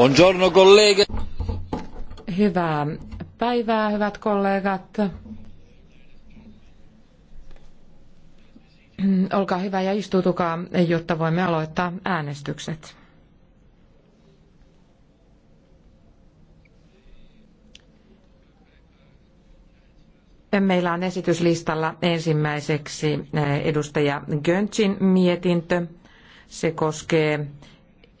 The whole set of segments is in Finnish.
Buongiorno, colleghe. Hyvää päivää, hyvät kollegat. Olkaa hyvä ja istuutukaa, jotta voimme aloittaa äänestykset. Meillä on esityslistalla ensimmäiseksi edustaja Göntsin mietintö. Se koskee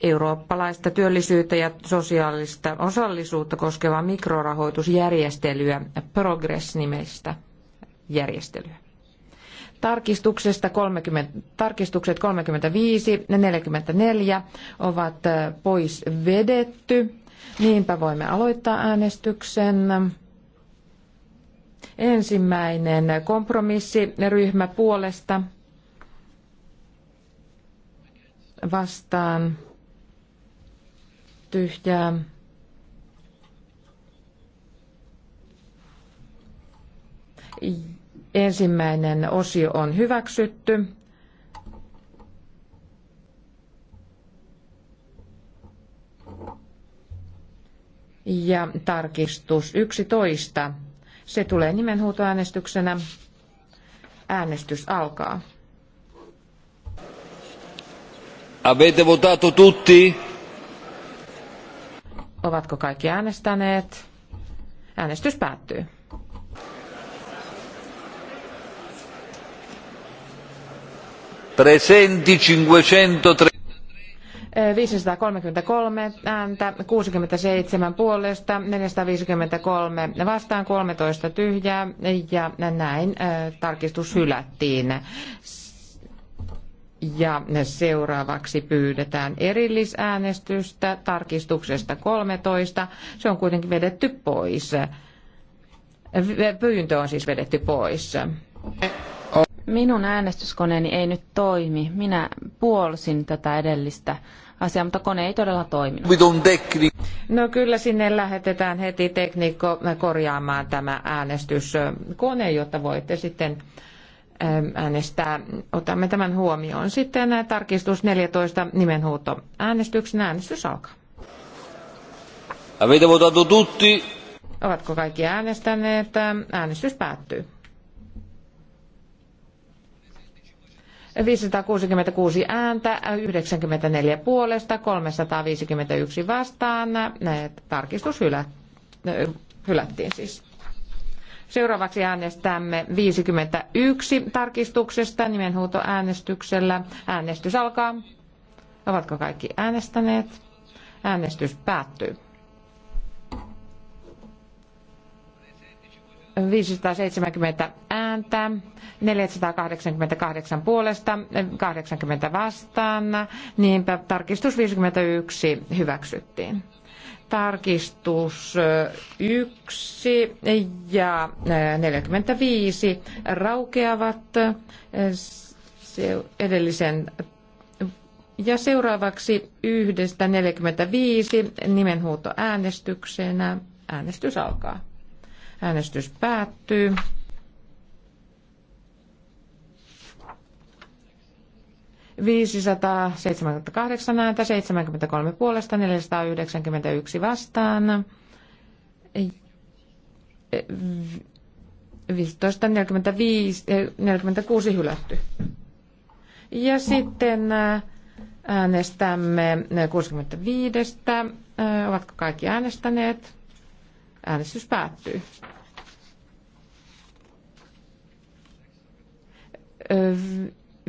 eurooppalaista työllisyyttä ja sosiaalista osallisuutta koskevaa mikrorahoitusjärjestelyä, Progress-nimestä järjestelyä. Tarkistuksesta 30, tarkistukset 35 ja 44 ovat äh, pois vedetty. Niinpä voimme aloittaa äänestyksen. Ensimmäinen kompromissiryhmä puolesta vastaan tyhjää. Ensimmäinen osio on hyväksytty. Ja tarkistus 11. Se tulee nimenhuutoäänestyksenä. Äänestys alkaa. Avete votato tutti? Ovatko kaikki äänestäneet? Äänestys päättyy. Presenti 533. 533 ääntä, 67 puolesta, 453 vastaan, 13 tyhjää ja näin tarkistus hylättiin. Ja seuraavaksi pyydetään erillisäänestystä tarkistuksesta 13. Se on kuitenkin vedetty pois. Pyyntö on siis vedetty pois. Minun äänestyskoneeni ei nyt toimi. Minä puolsin tätä edellistä asiaa, mutta kone ei todella toiminut. No kyllä sinne lähetetään heti tekniikko korjaamaan tämä äänestyskone, jotta voitte sitten äänestää. Otamme tämän huomioon. Sitten tarkistus 14 nimenhuuto äänestyksen äänestys alkaa. Avete votato tutti? Ovatko kaikki äänestäneet? Äänestys päättyy. 566 ääntä, 94 puolesta, 351 vastaan. Tarkistus hylä, hylättiin siis. Seuraavaksi äänestämme 51 tarkistuksesta nimenhuutoäänestyksellä. Äänestys alkaa. Ovatko kaikki äänestäneet? Äänestys päättyy. 570 ääntä, 488 puolesta, 80 vastaan, niinpä tarkistus 51 hyväksyttiin tarkistus 1 ja 45 raukeavat edellisen ja seuraavaksi yhdestä 45 nimenhuuto äänestyksenä. Äänestys alkaa. Äänestys päättyy. 578 ääntä, 73 puolesta, 491 vastaan. 46 eh, hylätty. Ja sitten eh, äänestämme 65. Eh, ovatko kaikki äänestäneet? Äänestys päättyy.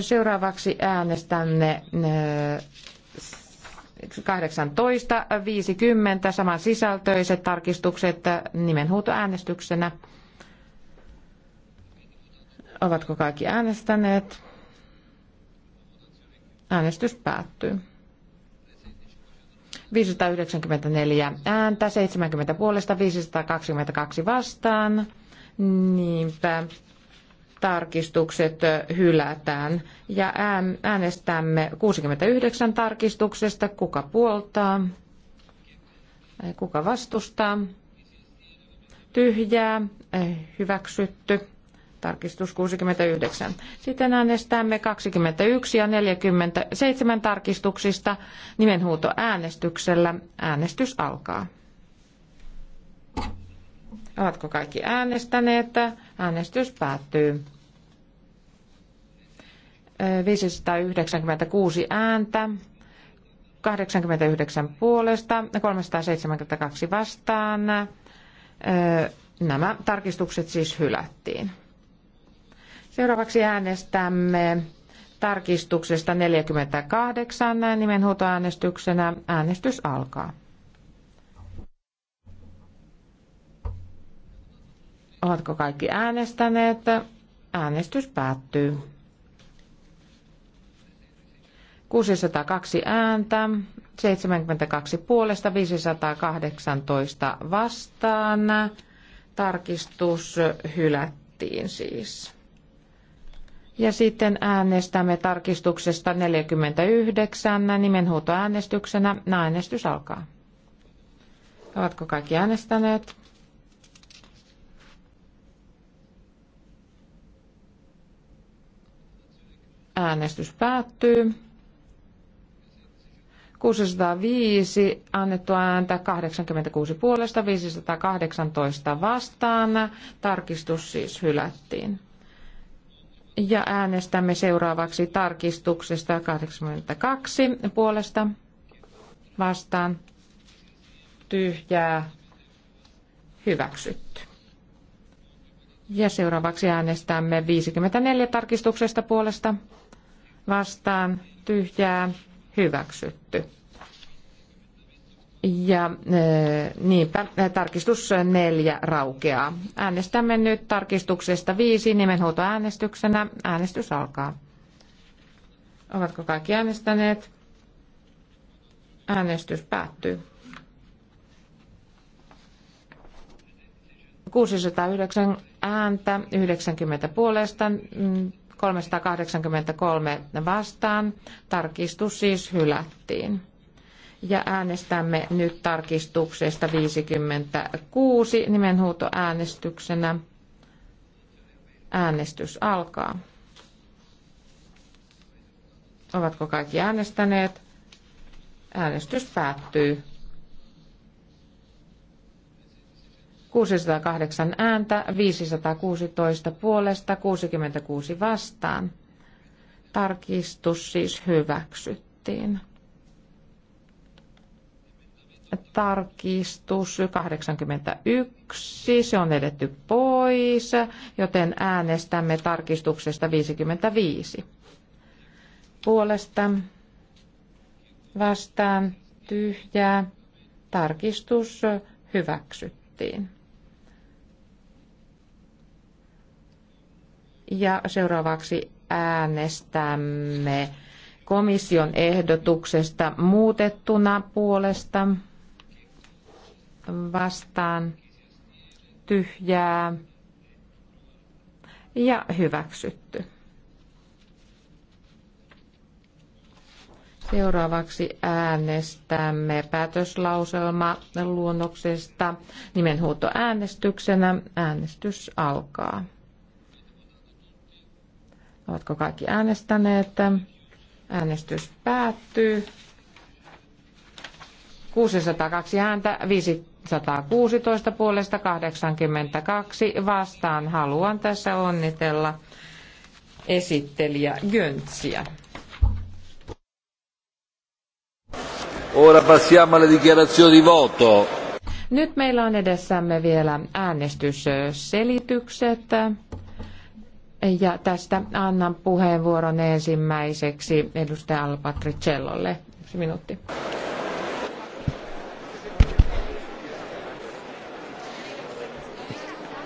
Seuraavaksi äänestämme 18.50 äh, samansisältöiset tarkistukset äh, nimenhuutoäänestyksenä. Ovatko kaikki äänestäneet? Äänestys päättyy. 594 ääntä, 70 puolesta, 522 vastaan. Niinpä tarkistukset hylätään ja äänestämme 69 tarkistuksesta, kuka puoltaa, kuka vastustaa, tyhjää, hyväksytty, tarkistus 69. Sitten äänestämme 21 ja 47 tarkistuksista nimenhuuto äänestyksellä. Äänestys alkaa. Ovatko kaikki äänestäneet? Äänestys päättyy. 596 ääntä, 89 puolesta, 372 vastaan. Nämä tarkistukset siis hylättiin. Seuraavaksi äänestämme tarkistuksesta 48 nimenhuutoäänestyksenä. Äänestys alkaa. Ovatko kaikki äänestäneet? Äänestys päättyy. 602 ääntä, 72 puolesta, 518 vastaan. Tarkistus hylättiin siis. Ja sitten äänestämme tarkistuksesta 49 nimenhuutoäänestyksenä. Äänestys alkaa. Ovatko kaikki äänestäneet? Äänestys päättyy. 605 annettu ääntä, 86 puolesta, 518 vastaan. Tarkistus siis hylättiin. Ja äänestämme seuraavaksi tarkistuksesta 82 puolesta vastaan. Tyhjää hyväksytty. Ja seuraavaksi äänestämme 54 tarkistuksesta puolesta vastaan tyhjää hyväksytty. Ja e, niinpä tarkistus neljä raukeaa. Äänestämme nyt tarkistuksesta viisi nimenhuutoäänestyksenä. Äänestys alkaa. Ovatko kaikki äänestäneet? Äänestys päättyy. 609 ääntä, 90 puolesta, 383 mm, vastaan. Tarkistus siis hylättiin. Ja äänestämme nyt tarkistuksesta 56 nimenhuutoäänestyksenä. Äänestys alkaa. Ovatko kaikki äänestäneet? Äänestys päättyy. 608 ääntä, 516 puolesta, 66 vastaan. Tarkistus siis hyväksyttiin. Tarkistus 81, se on edetty pois, joten äänestämme tarkistuksesta 55. Puolesta vastaan tyhjää, tarkistus hyväksyttiin. Ja seuraavaksi äänestämme komission ehdotuksesta muutettuna puolesta vastaan tyhjää ja hyväksytty. Seuraavaksi äänestämme päätöslauselma luonnoksesta äänestyksenä. Äänestys alkaa. Ovatko kaikki äänestäneet? Äänestys päättyy. 602 ääntä, 516 puolesta 82 vastaan. Haluan tässä onnitella esittelijä Göntsiä. Ora passiamo alle dichiarazioni di voto. Nyt meillä on edessämme vielä äänestysselitykset. Ja tästä annan puheenvuoron ensimmäiseksi edustaja Alpatricellolle. Yksi minuutti.